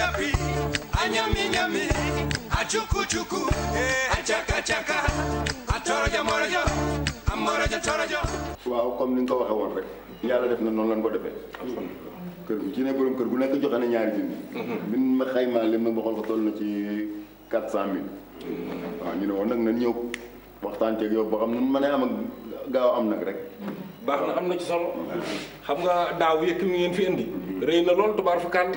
a a anyami nyami achuku chuku eh, achaka chaka atorojo morojo amorojo torojo waaw comme ni nga ko waxee woon rek yàlla def na noonu lañ ko defee kër gu ci ne borom kër gu nekk joxe na ñaari bi min ma xaymaa lim ma waxoon ko toll na ci quatre cent mille waaw ñu woon nag na ñëw waxtaan ceeg yow boo xam ne mën a am ak gaaw am nag rek baax na am na ci solo xam nga daaw yëkk mi ngeen fi indi rëy na lool tubaar fa kànt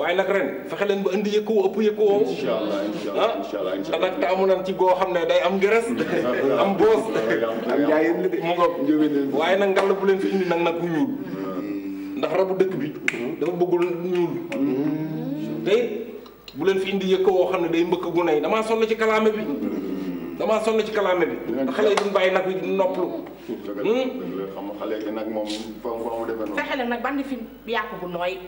waaye nag ren fexe leen ba indi yëkku ëpp yëkku woo. incha allah incha allah ah, incha allah incha allah te amu nañ ci goo xam ne day am gëres. am boos. am jaay mu ngoog waaye nag ngalla bu leen fi indi nag nag bu ñuul. Hmm. ndax rabu dëkk bi. dafa bëggul ñuul. Hmm. te bu leen fi indi yëkku woo xam ne day mbëkk gu ne damaa sonn ci kalaame bi. Hmm. damaa sonn ci kalaame bi. dëgg xale yi duñ bàyyi nag yi duñ noppalu. Hmm? nag moom faaw faaw fexe leen nag bandi fi yàqu bu nooy.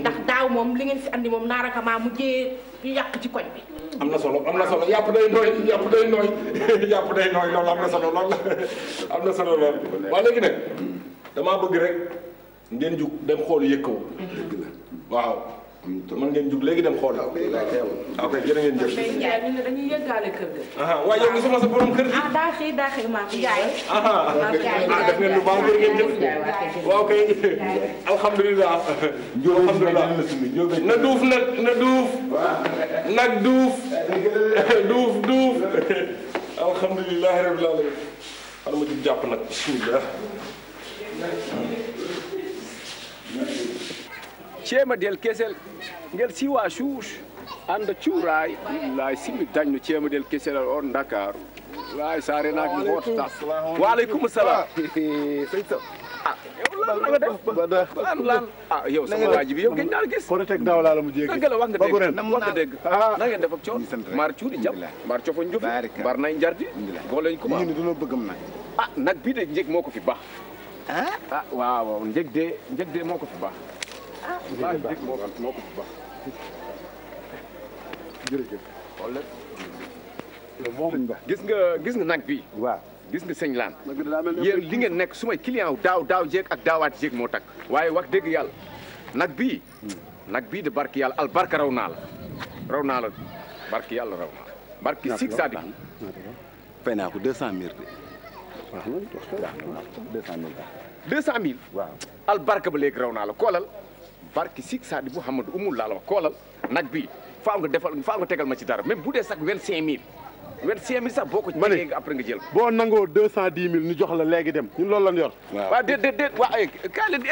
ndax daaw moom li ngeen fi andi moom naara mu mujjee yàq ci koñ bi. am na solo am na solo yàpp day nooy yàpp day nooy yàpp day nooy loolu am na solo lool am na solo lool waaw léegi nag damaa bëgg rek ngeen jug dem xool yëkkaw. dëgg waaw. mën ngeen jug léegi dem xool. waaw kay jërë ngeen jëf. ñu ne dañuy yëggaale kër ga. waaye yow gisuma sa borom kër gi. ah daa xëy daa xëy maa ngi ah def ngeen lu baax jërë ngeen jëf. waaw kay alhamdulilah. alhamdulilah na duuf nag na duuf. nag duuf. duuf duuf. alhamdulilah rabbil alamin. xanaa ma jub jàpp nag bismillah. ceema del kesel ngel siwa suus anda cuuray lay simmi dañno ceema del keselal on dakaru lay sa renaki mi hootata waaleykum salam a ah, ah, lan lan ah yow sama waa ji bi yow gën naa la gis kono teg daaw laa la mu jéegi dëgg la wax nga dégg wax nga dégg ah. na ngeen def ak coon maar cuuri nay njardi boo lañ ko ñu dina bëggam nag ah nag bii de njëg moo ko fi baax ah waaw waaw njëg de njëg de moo baax jërëjëf xool gis nga gis nga nag bi waaw gis nga sëñ laan yéen li ngeen nekk su may wu daaw daaw jéeg ak daawaat jéeg moo tax waaye wax dëgg yàlla nag bi nag bi de barki yàlla al barka raw naa la naa la barki yàlla raw naa la barki ko deux cent mille de deux cent mille deux ba léegi raw koolal barki Sikh Sadibou Hamadou umul laa la wax koolal nag bii faaw nga defal tegal ma ci dara même bu dee sax vingt-cinq mille vingt-cinq mille sax boo ko. ma ne après nga jël boo nangoo deux cent dix mille ñu jox la léegi dem ñun loolu lañ yor. waaw baa ngi dem waaye. kaalis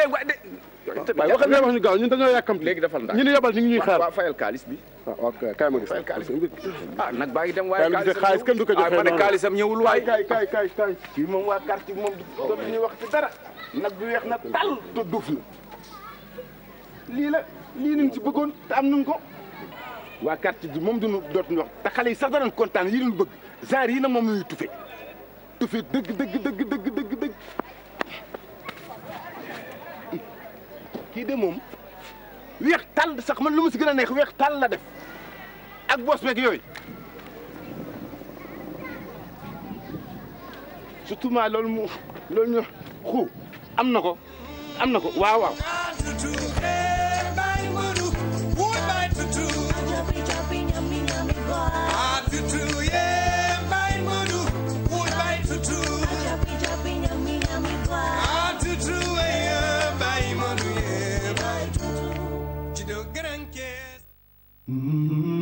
kenn du ko joxee noonu ah ma ne kaalisam ñëwul waaye. kaay kaay kii moom waa quartier moom du ñuy wax dara nag bu weex na tal te duuf lii la lii nañ ci bëggoon te am nañ ko waa quartier bi moom duñu dootuñu wax te yi sax danañ kontaan yi duñu bëgg genre yi nag moom lañuy tufe tufe dëgg dëgg dëgg dëgg dëgg dëgg kii de moom weex tàll sax man lu ma si gën a neex weex tàll la def ak bos beeg yooy surtout ma loolu mu loolu ñu xu am na ko am na ko waaw Mm-hmm.